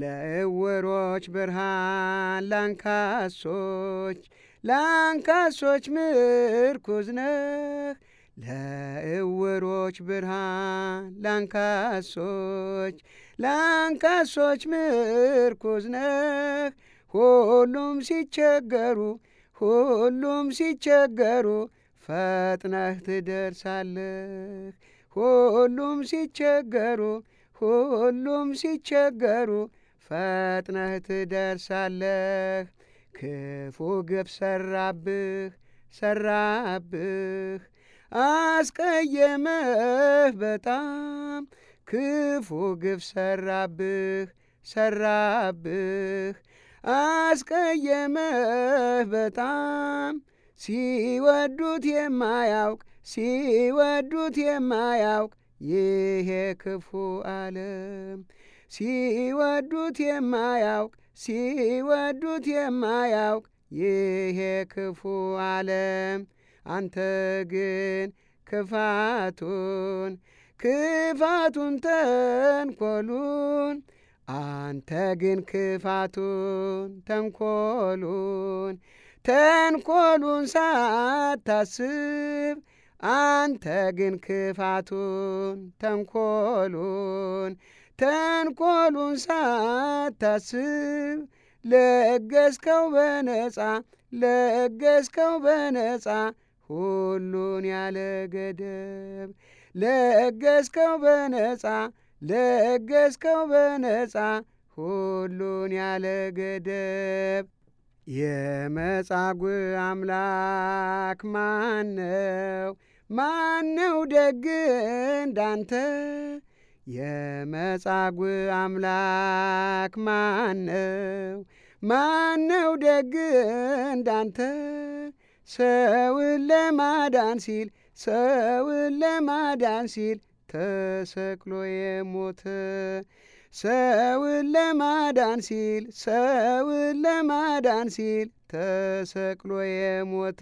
ለእውሮች ብርሃን ላንካሶች ላንካሶች ምርኩዝ ነህ ለእውሮች ብርሃን ላንካሶች ላንካሶች ምርኩዝ ነህ ሁሉም ሲቸገሩ ሁሉም ሲቸገሩ ፈጥነህ ትደርሳለህ ሁሉም ሲቸገሩ ሁሉም ሲቸገሩ ፈጥነህ ትደርሳለህ። ክፉ ግብ ሰራብህ ሰራብህ አስቀየመህ በጣም ክፉ ግብ ሰራብህ ሰራብህ አስቀየመህ በጣም ሲወዱት የማያውቅ ሲወዱት የማያውቅ ይሄ ክፉ ዓለም ሲወዱት የማያውቅ ሲወዱት የማያውቅ ይሄ ክፉ ዓለም አንተ ግን ክፋቱን ክፋቱን ተንኰሉን አንተ ግን ክፋቱን ተንኰሉን ተንኰሉን ሳታስብ አንተ ግን ክፋቱን ተንኮሉን ተንኮሉን ሳታስብ ለገስከው በነጻ ለገስከው በነጻ ሁሉን ያለ ገደብ ለገስከው በነጻ ለገስከው በነጻ ሁሉን ያለ ገደብ የመጻጉዕ አምላክ ማነው? ማነው ደግ እንዳንተ? የመጻጉዕ አምላክ ማነው? ማነው ደግ እንዳንተ? ሰውን ለማዳን ሲል ሰውን ለማዳን ሲል ተሰቅሎ የሞተ ሰውን ለማዳን ሲል ሰውን ለማዳን ሲል ተሰቅሎ የሞተ